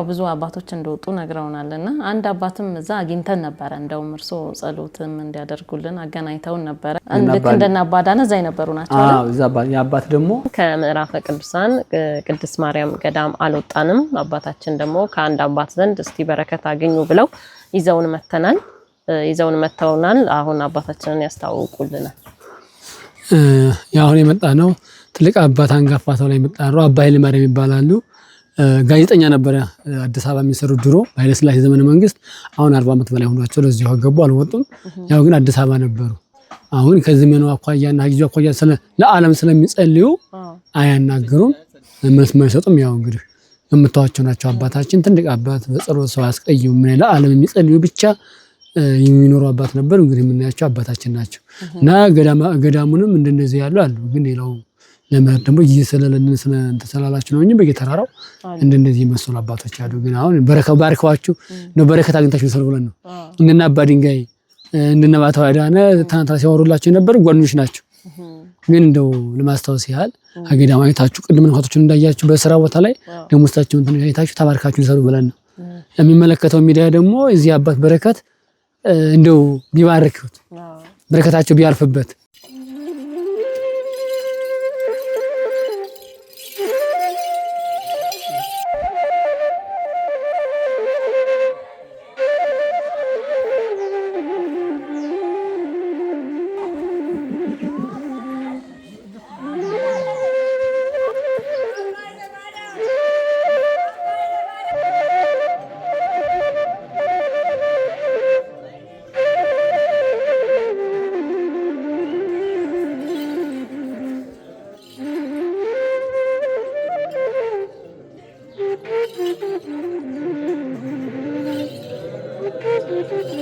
ያው ብዙ አባቶች እንደወጡ ነግረውናል እና አንድ አባትም እዛ አግኝተን ነበረ። እንደውም እርሶ ጸሎትም እንዲያደርጉልን አገናኝተውን ነበረ። ልክ እንደና አባዳነ እዛ የነበሩ ናቸው። አባት ደግሞ ከምዕራፈ ቅዱሳን ቅድስት ማርያም ገዳም አልወጣንም። አባታችን ደግሞ ከአንድ አባት ዘንድ እስቲ በረከት አገኙ ብለው ይዘውን መተናል ይዘውን መተውናል። አሁን አባታችንን ያስተዋውቁልናል። ያሁን የመጣ ነው ትልቅ አባት አንጋፋ ሰው ላይ የመጣ ነው። አባ ኃይለማርያም ይባላሉ። ጋዜጠኛ ነበረ አዲስ አበባ የሚሰሩ ድሮ በኃይለስላሴ ዘመነ መንግስት። አሁን አርባ ዓመት በላይ ሆኗቸው ለዚሁ ገቡ አልወጡም። ያው ግን አዲስ አበባ ነበሩ። አሁን ከዘመኑ አኳያና ጊዜ አኳያ ለዓለም ስለሚጸልዩ አያናግሩም፣ መልስ አይሰጡም። ያው እንግዲህ የምታዋቸው ናቸው። አባታችን ትልቅ አባት በጸሎት ሰው አያስቀይሙ ምን ለዓለም የሚጸልዩ ብቻ የሚኖሩ አባት ነበር። እንግዲህ የምናያቸው አባታችን ናቸው እና ገዳሙንም እንደነዚህ ያሉ አሉ። ግን ሌላው ለመሄድ ደግሞ ጊዜ ስለላችሁ ነው እንጂ በየተራራው እንደ እንደዚህ መሰሉ አባቶች አሉ። ግን አሁን በረከ ባርከዋችሁ ነው በረከት አግኝታችሁ መሰል ብለን ነው እንደነ አባ ድንጋይ እንደነ ባታው አዳነ ትናንትና ሲያወሩላችሁ የነበር ጓደኞች ናቸው። ግን እንደው ለማስታወስ ያህል አገዳም አይታችሁ ቅድም ንኳቶችን እንዳያችሁ በስራ ቦታ ላይ ደሞስታችሁን ትንሽ አይታችሁ ተባርካችሁ ሰሩ ብለን ነው የሚመለከተው ሚዲያ ደግሞ እዚህ አባት በረከት እንደው ቢባርክት በረከታቸው ቢያልፍበት Thank you.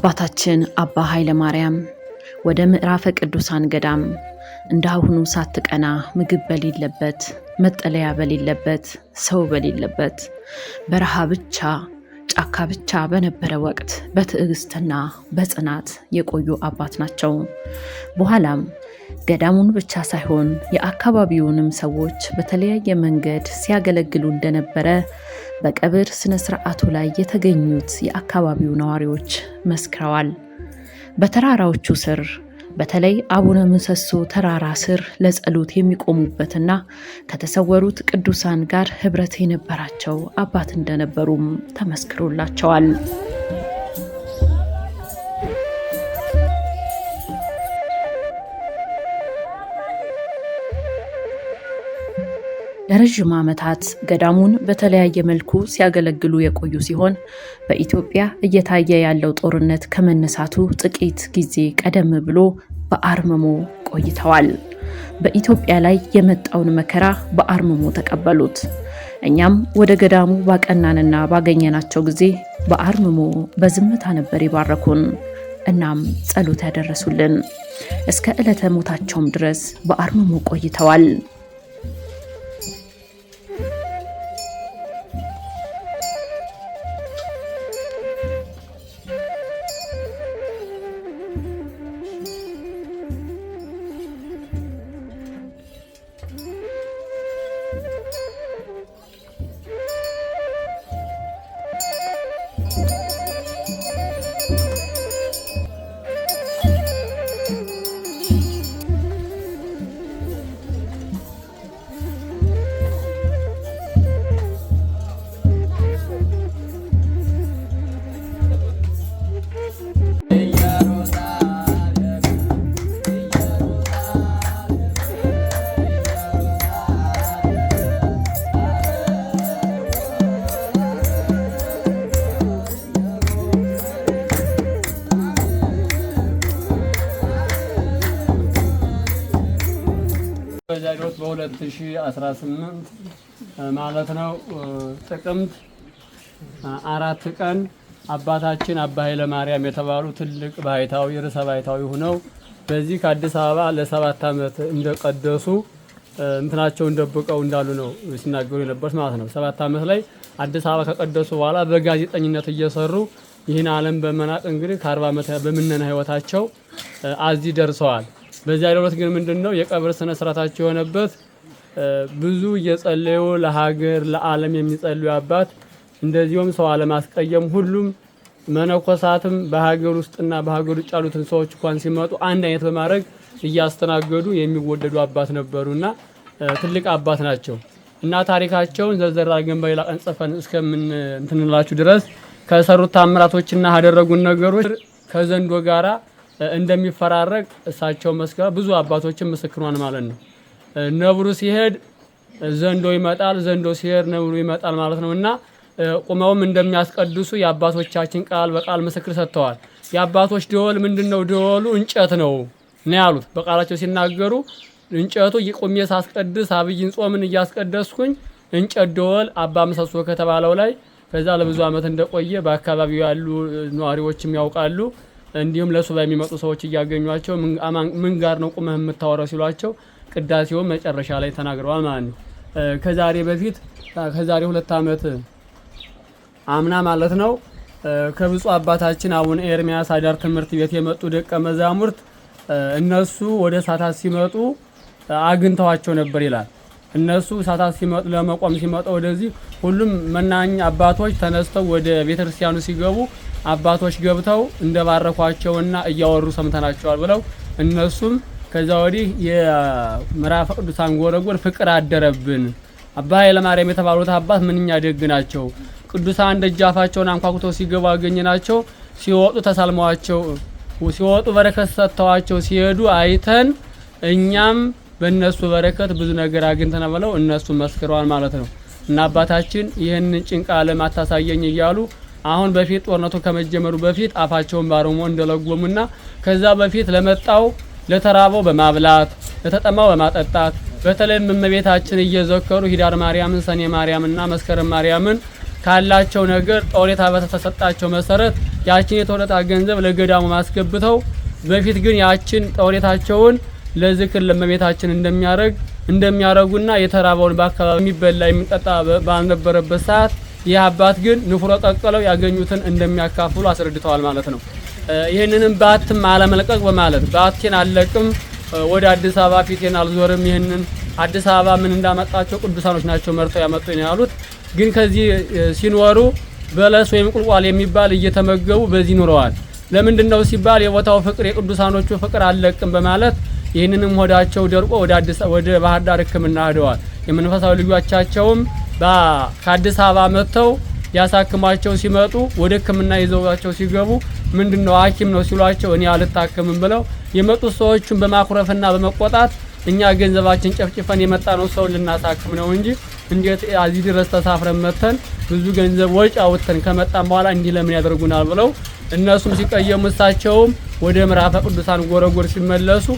አባታችን አባ ኃይለ ማርያም ወደ ምዕራፈ ቅዱሳን ገዳም እንደ አሁኑ ሳትቀና ምግብ በሌለበት፣ መጠለያ በሌለበት፣ ሰው በሌለበት በረሃ ብቻ ጫካ ብቻ በነበረ ወቅት በትዕግስትና በጽናት የቆዩ አባት ናቸው። በኋላም ገዳሙን ብቻ ሳይሆን የአካባቢውንም ሰዎች በተለያየ መንገድ ሲያገለግሉ እንደነበረ በቀብር ስነ ስርዓቱ ላይ የተገኙት የአካባቢው ነዋሪዎች መስክረዋል። በተራራዎቹ ስር በተለይ አቡነ ምሰሶ ተራራ ስር ለጸሎት የሚቆሙበትና ከተሰወሩት ቅዱሳን ጋር ኅብረት የነበራቸው አባት እንደነበሩም ተመስክሮላቸዋል። ለረዥም ዓመታት ገዳሙን በተለያየ መልኩ ሲያገለግሉ የቆዩ ሲሆን በኢትዮጵያ እየታየ ያለው ጦርነት ከመነሳቱ ጥቂት ጊዜ ቀደም ብሎ በአርምሞ ቆይተዋል። በኢትዮጵያ ላይ የመጣውን መከራ በአርምሞ ተቀበሉት። እኛም ወደ ገዳሙ ባቀናንና ባገኘናቸው ጊዜ በአርምሞ በዝምታ ነበር የባረኩን። እናም ጸሎት ያደረሱልን። እስከ ዕለተ ሞታቸውም ድረስ በአርምሞ ቆይተዋል። በዛሬዎት በ2018 ማለት ነው ጥቅምት አራት ቀን አባታችን አባ ኃይለ ማርያም የተባሉ ትልቅ ባህታዊ ርዕሰ ባህታዊ ሆነው በዚህ ከአዲስ አበባ ለሰባት ዓመት እንደቀደሱ እንትናቸውን ደብቀው እንዳሉ ነው ሲናገሩ የነበሩት ማለት ነው። ሰባት ዓመት ላይ አዲስ አበባ ከቀደሱ በኋላ በጋዜጠኝነት እየሰሩ ይህን ዓለም በመናቅ እንግዲህ ከአርባ ዓመት በምነና ህይወታቸው አዚህ ደርሰዋል። በዚያ ዕለት ግን ምንድን ነው የቀብር ስነ ስርዓታቸው የሆነበት ብዙ እየጸለዩ ለሀገር ለዓለም የሚጸልዩ አባት እንደዚሁም ሰው አለማስቀየም ሁሉም መነኮሳትም በሀገር ውስጥና በሀገር ውጭ ያሉትን ሰዎች እንኳን ሲመጡ አንድ አይነት በማድረግ እያስተናገዱ የሚወደዱ አባት ነበሩና ትልቅ አባት ናቸው እና ታሪካቸውን ዘርዘር አድርገን በሌላ ቀን ጽፈን እስከምን እንትንላችሁ ድረስ ከሰሩት ታምራቶችና ያደረጉን ነገሮች ከዘንዶ ጋራ እንደሚፈራረቅ እሳቸው መስከረ ብዙ አባቶችን ምስክሯን ማለት ነው። ነብሩ ሲሄድ ዘንዶ ይመጣል፣ ዘንዶ ሲሄድ ነብሩ ይመጣል ማለት ነው እና ቁመውም እንደሚያስቀድሱ የአባቶቻችን ቃል በቃል ምስክር ሰጥተዋል። የአባቶች ደወል ምንድን ነው? ደወሉ እንጨት ነው ነው ያሉት በቃላቸው ሲናገሩ እንጨቱ ቁሜ ሳስቀድስ አብይን ጾምን እያስቀደስኩኝ እንጨት ደወል አባ ምሰሶ ከተባለው ላይ ከዛ ለብዙ ዓመት እንደቆየ በአካባቢው ያሉ ነዋሪዎችም ያውቃሉ። እንዲሁም ለሱባ የሚመጡ ሰዎች እያገኟቸው ምን ጋር ነው ቁመህ የምታወራው ሲሏቸው ቅዳሴውን መጨረሻ ላይ ተናግረዋል ማለት ነው። ከዛሬ በፊት ከዛሬ ሁለት ዓመት አምና ማለት ነው ከብፁዕ አባታችን አቡነ ኤርሚያስ አዳር ትምህርት ቤት የመጡ ደቀ መዛሙርት እነሱ ወደ ሳታት ሲመጡ አግኝተዋቸው ነበር ይላል። እነሱ ሳታት ሲመጡ ለመቆም ሲመጣ ወደዚህ ሁሉም መናኝ አባቶች ተነስተው ወደ ቤተክርስቲያኑ ሲገቡ አባቶች ገብተው እንደባረኳቸውና እያወሩ ሰምተናቸዋል ብለው እነሱም ከዛ ወዲህ የምዕራፍ ቅዱሳን ጎለጎል ፍቅር አደረብን። አባ ማርያም የተባሉት አባት ምንኛ ደግ ናቸው። ቅዱሳን ደጃፋቸውን አንኳኩተው ሲገቡ ናቸው። ሲወጡ ተሳልመዋቸው፣ ሲወጡ በረከት ሰጥተዋቸው ሲሄዱ አይተን እኛም በእነሱ በረከት ብዙ ነገር አግኝተን ብለው እነሱ መስክረዋል ማለት ነው። እና አባታችን ይህንን ጭንቅ ዓለም አታሳየኝ እያሉ አሁን በፊት ጦርነቱ ከመጀመሩ በፊት አፋቸውን ባርሞ እንደለጎሙና ከዛ በፊት ለመጣው ለተራበው በማብላት ለተጠማው በማጠጣት በተለይም እመቤታችን እየዘከሩ ሂዳር ማርያምን፣ ሰኔ ማርያምና መስከረም ማርያምን ካላቸው ነገር ኦሪት በተሰጣቸው መሰረት ያችን የተወለጣ ገንዘብ ለገዳሙ ማስገብተው በፊት ግን ያችን ኦሪታቸውን ለዝክር ለእመቤታችን እንደሚያረግ እንደሚያረጉና የተራበውን በአካባቢ የሚበላ የሚጠጣ ባልነበረበት ሰዓት ይህ አባት ግን ንፍሮ ቀቅለው ያገኙትን እንደሚያካፍሉ አስረድተዋል ማለት ነው። ይህንንም በአትም አለመልቀቅ በማለት ባቴን አለቅም፣ ወደ አዲስ አበባ ፊቴን አልዞርም፣ ይህንን አዲስ አበባ ምን እንዳመጣቸው ቅዱሳኖች ናቸው መርተው ያመጡ ነው ያሉት። ግን ከዚህ ሲኖሩ በለስ ወይም ቁልቋል የሚባል እየተመገቡ በዚህ ኑረዋል። ለምንድን ነው ሲባል የቦታው ፍቅር የቅዱሳኖቹ ፍቅር አለቅም በማለት ይህንንም ሆዳቸው ደርቆ ወደ አዲስ ወደ ባህር ዳር ሕክምና ሄደዋል። የመንፈሳዊ ልጆቻቸውም ከአዲስ አበባ መጥተው ሊያሳክሟቸው ሲመጡ ወደ ሕክምና ይዘዋቸው ሲገቡ ምንድን ነው ሐኪም ነው ሲሏቸው እኔ አልታከምም ብለው የመጡት ሰዎቹን በማኩረፍና በመቆጣት እኛ ገንዘባችን ጨፍጭፈን የመጣ ነው ሰውን ልናሳክም ነው እንጂ እንዴት እዚህ ድረስ ተሳፍረን መጥተን ብዙ ገንዘብ ወጪ አውጥተን ከመጣን በኋላ እንዲህ ለምን ያደርጉናል ብለው እነሱም ሲቀየሙ እሳቸውም ወደ ምዕራፈ ቅዱሳን ጎረጎር ሲመለሱ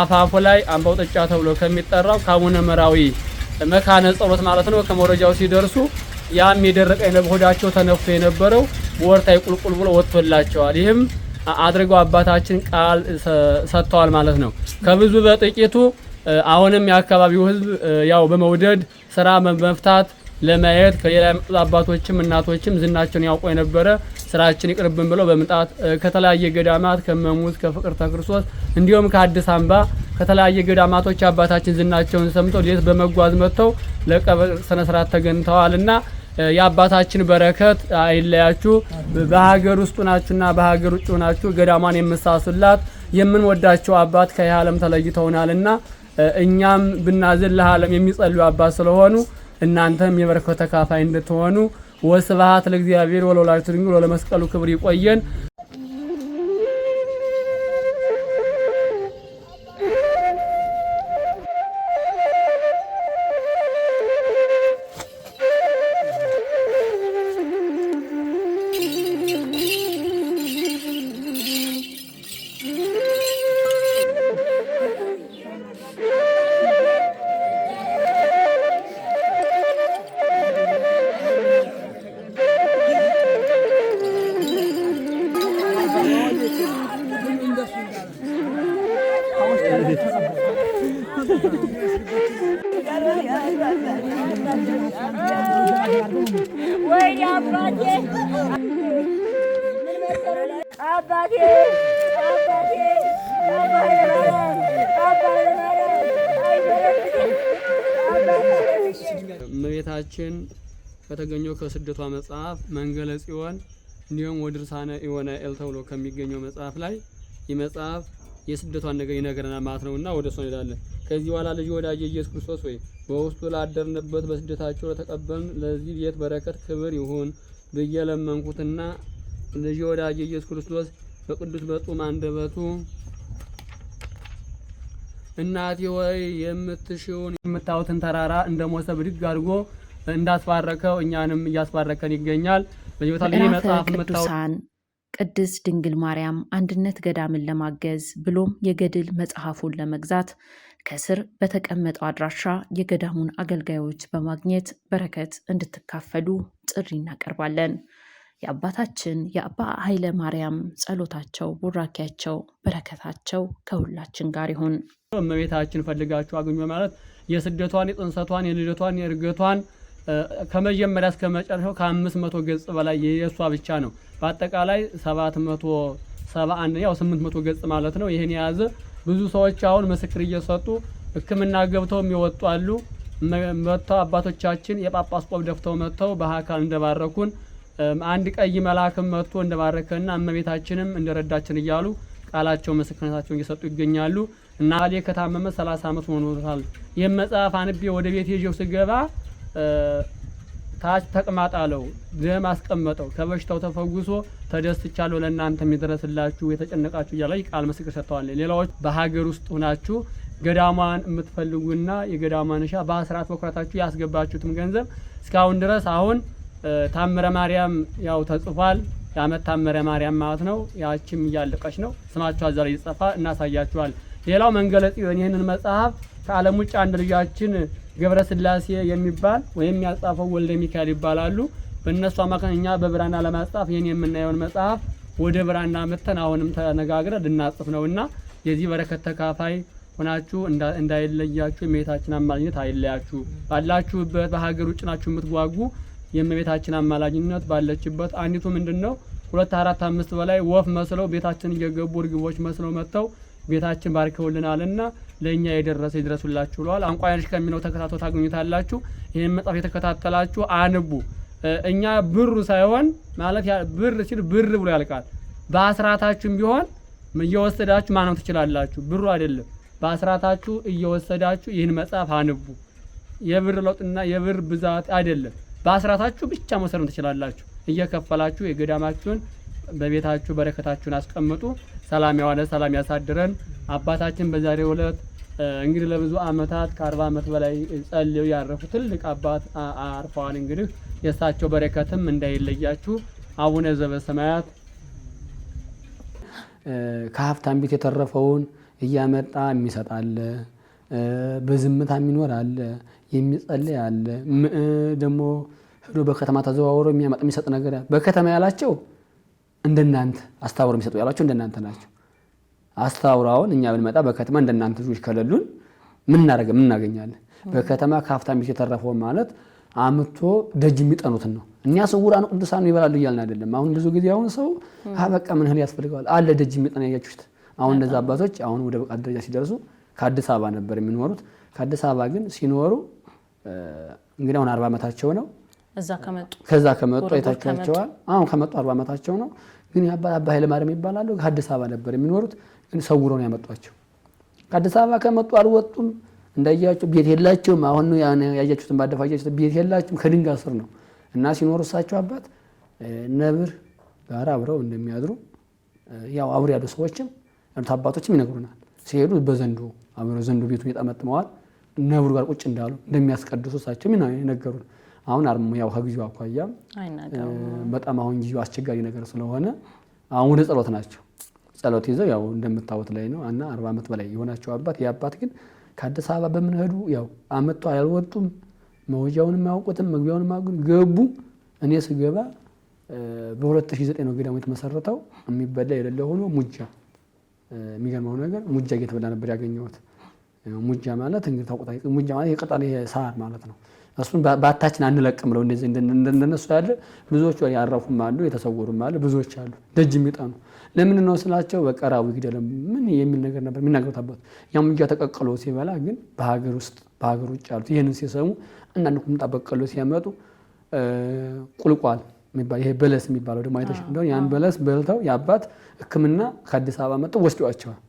አፋፉ ላይ አምባው ጠጫ ተብሎ ከሚጠራው ከአቡነ መራዊ መካነ ጸሎት ማለት ነው። ከመረጃው ሲደርሱ ያም የደረቀ የነብሆዳቸው ተነፍቶ የነበረው ወርታይ ቁልቁል ብሎ ወጥቶላቸዋል። ይህም አድርገው አባታችን ቃል ሰጥተዋል ማለት ነው። ከብዙ በጥቂቱ አሁንም የአካባቢው ህዝብ ያው በመውደድ ስራ መፍታት ለማየት ከሌላ የመጡት አባቶችም እናቶችም ዝናቸውን ያውቁ የነበረ ስራችን ይቅርብን ብለው በምጣት ከተለያየ ገዳማት ከመሙዝ ከፍቅር ተክርሶት እንዲሁም ከአዲስ አምባ ከተለያየ ገዳማቶች አባታችን ዝናቸውን ሰምተው ሌት በመጓዝ መጥተው ለቀብር ስነ ስርዓት ተገኝተዋልና የአባታችን በረከት አይለያችሁ። በሀገር ውስጡ ናችሁና በሀገር ውጭ ናችሁ ገዳሟን የምሳሱላት የምንወዳቸው አባት ከዚህ ዓለም ተለይተውናልና እኛም ብናዝን ለዓለም የሚጸልዩ አባት ስለሆኑ እናንተም የበረከት ተካፋይ እንድትሆኑ። ወስብሐት ለእግዚአብሔር ወለወላዲቱ ድንግል ወለመስቀሉ ክብር። ይቆየን። ወይ አባቴ አባቴ እመቤታችን ከተገኘው ከስደቷ መጽሐፍ መንገለ ጽዮን እንዲሁም ወድርሳነ ኢዮናኤል ተብሎ ከሚገኘው መጽሐፍ ላይ ይህ መጽሐፍ የስደቷን ነገር ይነግረናል ማለት ነው። እና ወደ እሷ እንሄዳለን። ከዚህ በኋላ ልጅ ወዳጅ ኢየሱስ ክርስቶስ ወይ በውስጡ ላደርንበት በስደታቸው ለተቀበልን ለዚህ ቤት በረከት ክብር ይሁን ብዬ ለመንኩትና ልጅ ወዳጅ ኢየሱስ ክርስቶስ በቅዱስ በጡም አንደበቱ እናቴ ወይ የምትሽውን የምታዩትን ተራራ እንደ ሞሰ ብድግ አድርጎ እንዳስባረከው እኛንም እያስባረከን ይገኛል። በዚህ ቦታ ላይ መጽሐፍ ቅድስት ድንግል ማርያም አንድነት ገዳምን ለማገዝ ብሎም የገድል መጽሐፉን ለመግዛት ከስር በተቀመጠው አድራሻ የገዳሙን አገልጋዮች በማግኘት በረከት እንድትካፈሉ ጥሪ እናቀርባለን። የአባታችን የአባ ኃይለ ማርያም ጸሎታቸው፣ ቡራኪያቸው፣ በረከታቸው ከሁላችን ጋር ይሁን። እመቤታችን ፈልጋችሁ አግኙ ማለት የስደቷን፣ የጥንሰቷን፣ የልደቷን፣ የእርገቷን ከመጀመሪያ እስከ መጨረሻው ከአምስት መቶ ገጽ በላይ የእሷ ብቻ ነው። በአጠቃላይ ሰባት መቶ ሰባ አንድ ያው ስምንት መቶ ገጽ ማለት ነው። ይህን የያዘ ብዙ ሰዎች አሁን ምስክር እየሰጡ ሕክምና ገብተው የወጡ አሉ። መጥተው አባቶቻችን የጳጳስ ቆብ ደፍተው መጥተው በአካል እንደባረኩን አንድ ቀይ መልአክም መጥቶ እንደባረከና እመቤታችንም እንደረዳችን እያሉ ቃላቸው ምስክርነታቸውን እየሰጡ ይገኛሉ። እና ባሌ ከታመመ 30 ዓመት ሆኖታል። ይህም መጽሐፍ አንቤ ወደ ቤት ይዤው ስገባ ታች ተቅማጥ አለው፣ ደም አስቀመጠው፣ ከበሽታው ተፈውሶ ተደስቻለሁ፣ ለእናንተ የሚደረስላችሁ የተጨነቃችሁ እያለ ቃል ምስክር ሰጥተዋል። ሌላዎች በሀገር ውስጥ ሆናችሁ ገዳሟን የምትፈልጉና የገዳሟን እሻ በአስራት በኩራታችሁ ያስገባችሁትም ገንዘብ እስካሁን ድረስ አሁን ታምረ ማርያም ያው ተጽፏል። የአመት ታምረ ማርያም ማለት ነው። ያችም እያለቀች ነው። ስማችሁ አዛር እየተጻፈ እናሳያችኋል። ሌላው መንገለጽ ይህንን መጽሐፍ ከዓለም ውጭ አንድ ልጃችን ገብረስላሴ የሚባል ወይም ያጻፈው ወልደ ሚካኤል ይባላሉ። በእነሱ አማካኝ እኛ በብራና ለማጻፍ ይህን የምናየውን መጽሐፍ ወደ ብራና መተን አሁንም ተነጋግረ ልናጽፍ ነውና የዚህ በረከት ተካፋይ ሆናችሁ እንዳይለያችሁ የእመቤታችን አማላጅነት አይለያችሁ። ባላችሁበት በሀገር ውጭ ናችሁ የምትጓጉ የእመቤታችን አማላጅነት ባለችበት አንዲቱ ምንድን ነው ሁለት አራት አምስት በላይ ወፍ መስለው ቤታችን እየገቡ እርግቦች መስለው መጥተው ጌታችን ባርከውልናልና ለእኛ የደረሰ ይድረሱላችሁ ብለዋል። አንቋያሽ ከሚለው ተከታቶ ታገኙታላችሁ። ይህን መጽሐፍ የተከታተላችሁ አንቡ። እኛ ብሩ ሳይሆን ማለት ብር ሲል ብር ብሎ ያልቃል። በአስራታችሁም ቢሆን እየወሰዳችሁ ማነው ትችላላችሁ። ብሩ አይደለም፣ በአስራታችሁ እየወሰዳችሁ ይህን መጽሐፍ አንቡ። የብር ለውጥና የብር ብዛት አይደለም። በአስራታችሁ ብቻ መውሰድም ትችላላችሁ። እየከፈላችሁ የገዳማችሁን በቤታችሁ በረከታችሁን አስቀምጡ። ሰላም ያዋለ ሰላም ያሳድረን። አባታችን በዛሬው ዕለት እንግዲህ ለብዙ ዓመታት ከአርባ ዓመት በላይ ጸልዩ ያረፉ ትልቅ አባት አርፈዋል። እንግዲህ የእሳቸው በረከትም እንዳይለያችሁ። አቡነ ዘበሰማያት ከሀብታም ቤት የተረፈውን እያመጣ የሚሰጥ አለ፣ በዝምታ የሚኖር አለ፣ የሚጸልይ አለ። ደግሞ ሄዶ በከተማ ተዘዋውሮ የሚያመጣ የሚሰጥ ነገር በከተማ ያላቸው እንደናንተ አስተባብሮ የሚሰጡ ያሏቸው እንደናንተ ናቸው። አስተባብሮ እኛ ብንመጣ በከተማ እንደናንተ ልጆች ከሌሉን ምን እናደርግ ምን እናገኛለን? በከተማ ከሀብታም ቤት የተረፈውን ማለት አምቶ ደጅ የሚጠኑትን ነው። እኛ ስውራን ቅዱሳን ይበላሉ እያልን አይደለም። አሁን ብዙ ጊዜ አሁን ሰው በቃ ምን እህል ያስፈልገዋል አለ ደጅ የሚጠና ያያችሁት። አሁን እነዛ አባቶች አሁን ወደ ብቃት ደረጃ ሲደርሱ ከአዲስ አበባ ነበር የሚኖሩት። ከአዲስ አበባ ግን ሲኖሩ እንግዲህ አሁን አርባ ዓመታቸው ነው። ከዛ ከመጡ አይታችኋቸዋል። አሁን ከመጡ አርባ ዓመታቸው ነው። ግን አባ ኃይለማርያም ይባላሉ። ከአዲስ አበባ ነበር የሚኖሩት፣ ግን ሰውሮ ነው ያመጧቸው። ከአዲስ አበባ ከመጡ አልወጡም። እንዳያቸው ቤት የላቸውም። አሁን ያያችሁትን ባደፋቸው ቤት የላቸውም። ከድንጋይ ስር ነው እና ሲኖሩ እሳቸው አባት ነብር ጋር አብረው እንደሚያድሩ ያው አብሮ ያሉ ሰዎችም ያሉት አባቶችም ይነግሩናል። ሲሄዱ በዘንዶ አብረው ዘንዶ ቤቱን የጠመጥመዋል። ነብሩ ጋር ቁጭ እንዳሉ እንደሚያስቀድሱ እሳቸው ይነገሩን። አሁን ያው ከጊዜው አኳያ በጣም አሁን ጊዜው አስቸጋሪ ነገር ስለሆነ አሁን ወደ ጸሎት ናቸው። ጸሎት ይዘው ያው እንደምታወት ላይ ነው እና አርባ ዓመት በላይ የሆናቸው አባት ይህ ግን ከአዲስ አበባ በምንሄዱ ያው አመቷ አልወጡም። መውጃውን አያውቁትም፣ መግቢያውን አያውቁትም። ገቡ። እኔ ስገባ በ2009 ነው ገዳሙ የተመሰረተው። የሚበላ የሌለ ሆኖ ሙጃ፣ የሚገርመው ነገር ሙጃ እየተበላ ነበር ያገኘሁት። ሙጃ ማለት እንግዲህ ታውቁታ፣ ሙጃ ማለት የቅጠል ሳር ማለት ነው። እሱን በአታችን አንለቅም ብለው እንደነሱ ያለ ብዙዎቹ ያረፉም አሉ፣ የተሰወሩም አሉ፣ ብዙዎች አሉ ደጅ የሚጠኑ ለምን ነው ስላቸው፣ በቀራዊ ግደለም ምን የሚል ነገር ነበር የሚናገሩት አባት። ያ ሙጃ ተቀቅሎ ሲበላ ግን በሀገር ውስጥ በሀገር ውጭ አሉት ይህንን ሲሰሙ አንዳንድ ቁምጣ በቀሎ ሲያመጡ ቁልቋል የሚባል ይሄ በለስ የሚባለው ደግሞ አይተሽ ያን በለስ በልተው የአባት ሕክምና ከአዲስ አበባ መጥተው ወስዷቸዋል።